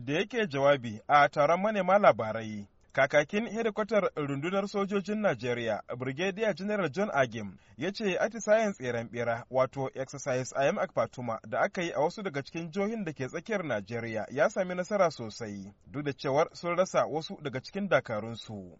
da yake jawabi a taron manema labarai Kakakin hedikwatar rundunar sojojin Najeriya, Brigadier General John Agim, ya ce atisayen tseren bera wato exercise IM Akpatuma da aka yi a wasu daga cikin jihohin da ke tsakiyar Najeriya ya sami nasara sosai, duk da cewar sun rasa wasu daga cikin dakarunsu.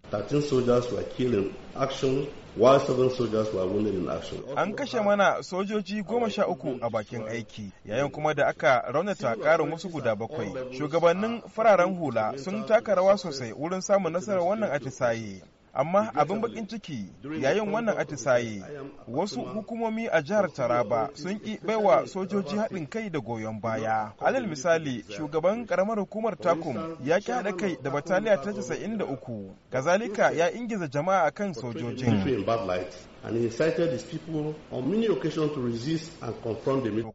An kashe mana sojoji goma sha uku a bakin aiki, yayin kuma da aka raunata karin wasu guda bakwai. Shugabannin fararen hula sun taka rawa sosai wurin samun samu nasarar wannan atisaye. amma abin bakin ciki yayin wannan atisaye wasu hukumomi a jihar taraba sun ki baiwa sojoji haɗin kai da goyon baya alal misali shugaban karamar hukumar takum ya ki haɗa kai da bataliya ta casa'in da 93 kazalika ya ingiza jama'a kan sojojin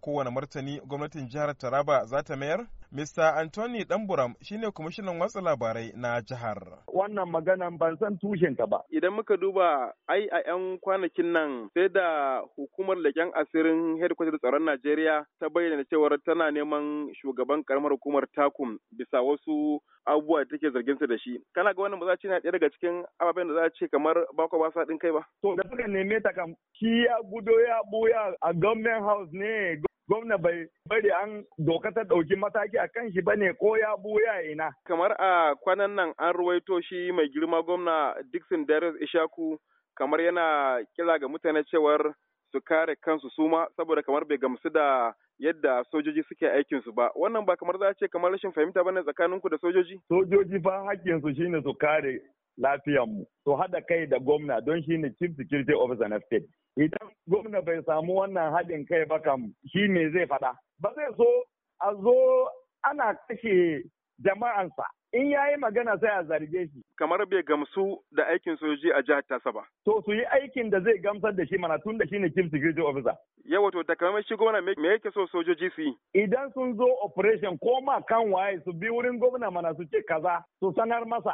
Kowane martani gwamnatin jihar Taraba za ta mayar? Mr. Anthony Danburam shine kwamishinan watsa labarai na jihar. Wannan magana ban san tushenta ba. Idan muka duba ai a 'yan kwanakin nan sai da hukumar leken asirin hedkwatar tsaron Najeriya ta bayyana cewar tana neman shugaban karamar hukumar takum bisa wasu abubuwa da take zargin su da shi. Kana ga wannan ba za ce na ɗaya daga cikin ababen da za a ce kamar ba ba sa ɗin kai ba. To da suka neme ta kam shi ya gudo ya buya a government house ne gwamna bai bari an doka ta ɗauki mataki a kan shi bane ko ya buya ina. Kamar a kwanan nan an ruwaito shi mai girma gwamna Dixon Darius Ishaku kamar yana kira ga mutane cewar su kare kansu suma saboda kamar bai gamsu da yadda sojoji suke aikin su ba wannan ba kamar za a ce kamar rashin fahimta bane tsakanin ku da sojoji sojoji fa hakkin su shine su kare lafiyanmu to haɗa kai da gwamna don shi ne chief security officer na state idan gwamna bai samu wannan haɗin kai ba kam shi ne zai faɗa ba zai so a zo ana kashe jama'ansa in ya yi magana sai a zarge shi. Kamar bai gamsu da aikin sojoji a jihar tasa ba. To su yi aikin da zai gamsar da shi mana tun da shi ne chief security officer. Yawa to takamaiman shi gwamna me yake so sojoji su yi? Idan sun zo operation ko ma kan waye su bi wurin gwamna mana su ce kaza su sanar masa.